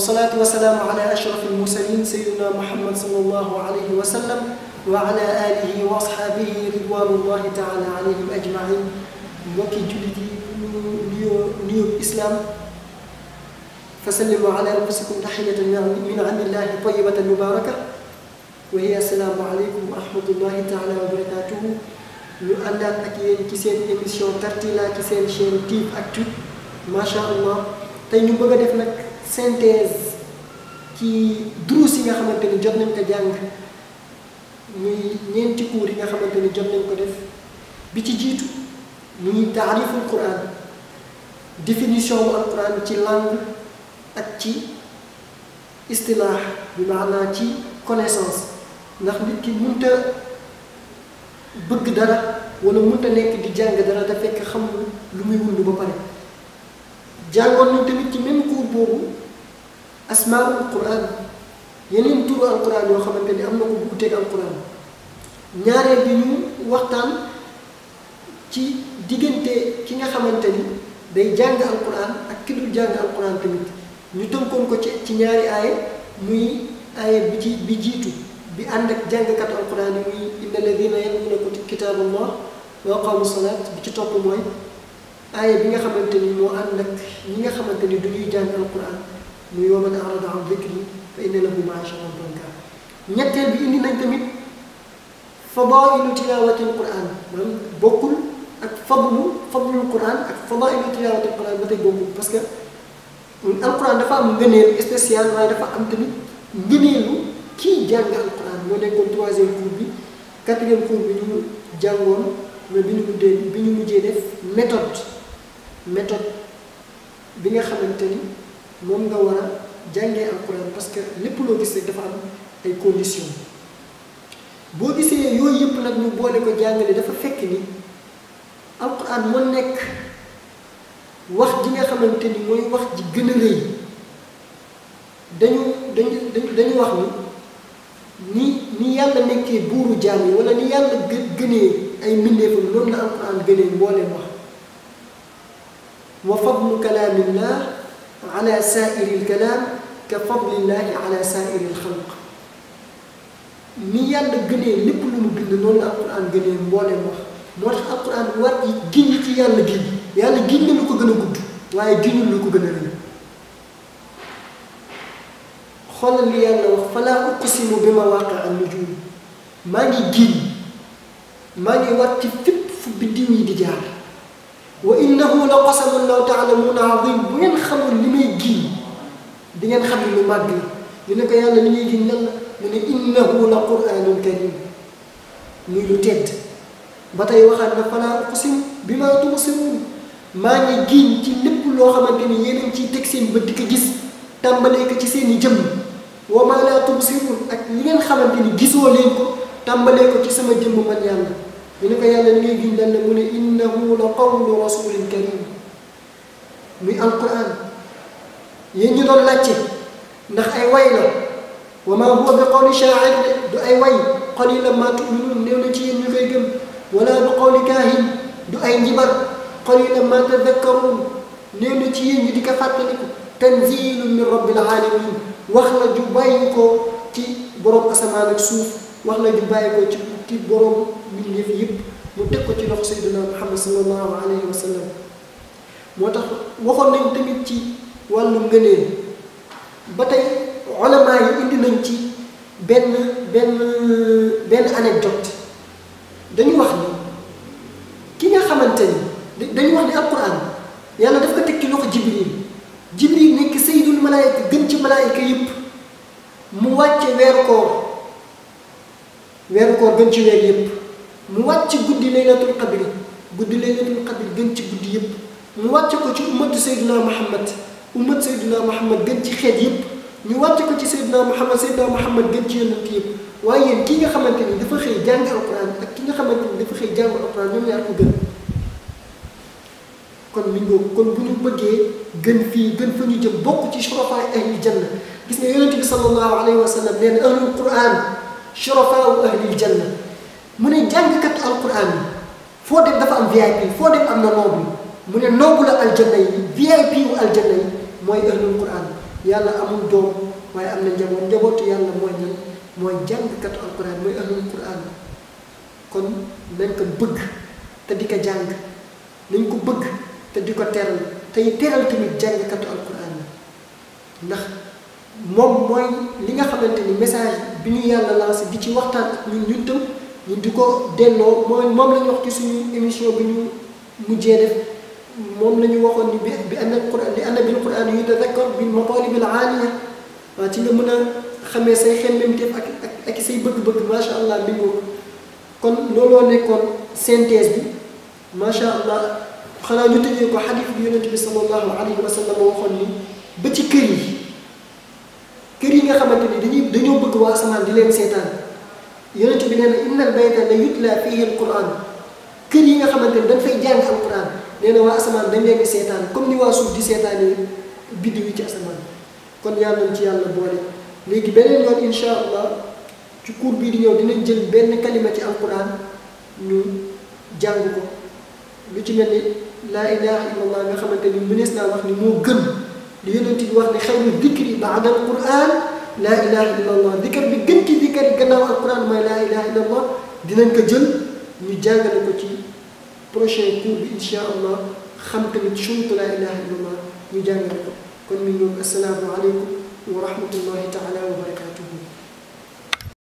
wasalaatu wasalaamu ala ashraf almursalin sayidina muhammad sallallahu alayhi wa sallam wa ala alihi wa asxaabihi ridwanullahi taala alayhim ajmain mbokki jullit yi nuyoo nuyoo islaam fa sallimu ala anfusikum taxiyatan min indillahi tayibatan mubaraka wa hiya assalaamu aleykum wa rahmatullahi taala wa barakatuhu ñu àndaat ak yéen ci seen émission tartila ci seen chaîne tiv actu macha allah tey ñu bëgg a def nag synthèse ci duruus yi nga xamante ni jot nañ ko jàng muy ñeenti cours yi nga xamante ni jot nañ ko def bi ci jiitu ñu taariful quran définition bu ci langue ak ci istilaax bi maanaa ci connaissance ndax nit ki mënta bëgg dara wala mënta nekk di jàng dara da fekk xamul lu muy wund ba pare jàngoon nañ tamit ci même cours boobu asmaul quran yeneen turu alquran yoo xamante ni am na ko bu uteeg alquran ñaareel bi ñu waxtaan ci diggante ki nga xamante ni day jàng alquran ak ki dul jàng alquran tamit ñu tënkoon ko ci ci ñaari aaya muy aaya bi ci bi jiitu bi ànd ak jàngkat alquran yi muy inna alladina yatluuna kitaaballah wa aqaamu ci topp mooy aaya bi nga xamante ni moo ànd ak ñi nga xamante ni du ñuy jàng alquran mu yoonaka arada an dikri fa inna lahu maa'ishatan danka ñetteel bi indi nañ tamit fadaa'ilu tilaawatil Qur'an maanaam bokkul ak fadlu fadlul Qur'an ak fadaa'ilu tilaawatil Qur'an ba tey bokkul parce que alquran dafa am ngëneel spécial waaye dafa am tamit ngëneelu kii jàng alquran moo nekkoon troisième cours bi quatrième cours bi ñu jàngoon mais bi ñu mujjee bi ñu mujjee def méthode méthode bi nga xamante ni. moom nga war a jàngee alxuraan parce que lépp loo gisee dafa am ay condition boo gisee yooyu yëpp nag ñu boole ko jàngale dafa fekk ni alxuraan moo nekk wax ji nga xamante ni mooy wax ji gën a rëy dañu dañu dañu wax ni ni ni yàlla nekkee buuru jaam yi wala ni yàlla gë gënee ay mbindeefam noonu la alxuraan gënee mbooleem wax wa fadlu kalaamillah على سائر الكلام كفضل الله على سائر ni yàlla gënee lépp lu mu bind noonu la alquran gënee mbooleem wax tax alquran war yi yàlla giñ yàlla giñ na ko gën a gudd waaye giñul lu ko gën a rëy xoolal li yàlla wax falaa uqsimu bi mawaaqi'i an-nujuum maa ngi giñ maa ngi war ci fépp fu biddiw yi di jaar wa innahu la qasamun law taalamuuna azim bu ngeen xamul li muy giñ di ngeen xam ne lu màgg la ñu ne ko yàlla li ñuy giñ lan mu ne innahu la quraanun karim muy lu tedd ba tey waxaat na falaa uqsimu bimaa tubsiruun maa ngi giñ ci lépp loo xamante ni yéen a ngi ciy teg seen bët di ko gis tàmbalee ko ci seen i jëmm wa maa laa tubsiruun ak li ngeen xamante ni gisoo leen ko tàmbalee ko ci sama jëmm man yàlla. bi ne ko yàlla ni ngay gindal ne mu ne innahu la qawlu rasulin karim muy alquran yéen ñu doon laajte ndax ay way la wa ma huwa bi qawli shaair du ay way qalilan ma tuminuun néew na ci yéen ñu koy gëm wala bi qawli kaahin du ay njibar qalilan ma tadakkaruun néew na ci yéen ñu di ko fàttaliku tanzilu min rabbil alamin wax la ju bàyyi ko ci borom asamaan ak suuf wax na ju bàyyi ko ci ci mbindeef yëpp mu teg ko ci loxo sayyidina Muhammad sallallahu alayhi wa sallam moo tax waxoon nañ tamit ci wàllu ngëneel ba tey ulama yi indi nañ ci benn benn benn anecdote dañu wax ni ki nga xamante ni dañu wax ni alquran yàlla daf ko teg ci loxo jibril jibril nekk sayyidul malaayika gën ci malaayika yëpp mu wàcce weeru koor weeru koor gën ci weer yëpp mu wàcc guddi laylatul qadri guddi laylatul qadri gën ci guddi yépp mu wàcc ko ci ummatu Seydina Muhammad ummatu Seydina Muhammad gën ci xeet yépp ñu wàcc ko ci Seydina Muhammad Seydina Muhammad gën ci yonent yépp waaye yéen ki nga xamante ni dafa xëy jàng alquran ak ki nga xamante ni dafa xëy jàng alquran ñoom ñaar ko gën kon mi ngoog kon bu ñu bëggee gën fii gën fa ñu jëm bokk ci shurafaay ahlil janna gis nga yonent bi sallallahu alayhi wa sallam nee na ahlul quran shurafaau ahlil janna mu ne jàngkatu alquran yi foo dem dafa am VIP foo def am na noobu mu ne noobu la aljanna yi VIP wu aljanna yi mooy ahlul quran yàlla amul doom waaye am na njaboot njabootu yàlla mooy ñan mooy jàngkatu alquran mooy ahlul quran kon nañ ko bëgg te di ko jàng nañ ko bëgg te di ko teral tey teral tamit jàngkatu alquran yi ndax moom mooy li nga xamante ni message bi ñu yàlla lancé di ci waxtaan ak ñun ñu di ko delloo moom moom la ñu wax ci suñu émission bi ñu mujjee def moom la ñu waxoon ni bi bi anna quran li anna bil quran yutadakkar bil matalibil aaliya ci nga mën a xamee say xemmemteef ak ak ak say bëgg-bëgg macha allah bi moom kon looloo nekkoon synthèse bi macha allah xanaa ñu tëjee ko xadis bi yonent bi sallallahu alayhi wa sallam waxoon ni ba ci kër yi kër yi nga xamante ni dañuy dañoo bëgg waa asamaan di leen seetaan. yonent bi nee na innal bayta la yutla fihi alquran kër yi nga xamante ni dañ fay jàng alquran nee na waa asamaan dañ leen di seetaan comme ni waa suuf di seetaanee biddiw yi ci asamaan kon yàlla nañ ci yàlla boole léegi beneen yoon incha allah ci cours bii di ñëw dinañ jël benn kalima ci alquran ñu jàng ko lu ci mel ni laa ilaha illallah nga xamante ni mënees naa wax ni moo gën li yonent bi wax ne xayru dikri ba'da alquran laa ilaha illallah dikkar bi gën kër gannaaw alquran mooy laa ilaha illallah dinañ ko jël ñu jàngale ko ci prochain cours bi incha allah xam tamit chuntu laa ilaha illallah ñu jàngale ko kon mi ñoom asalaamu aleykum wa rahmatullahi taala wa barakatu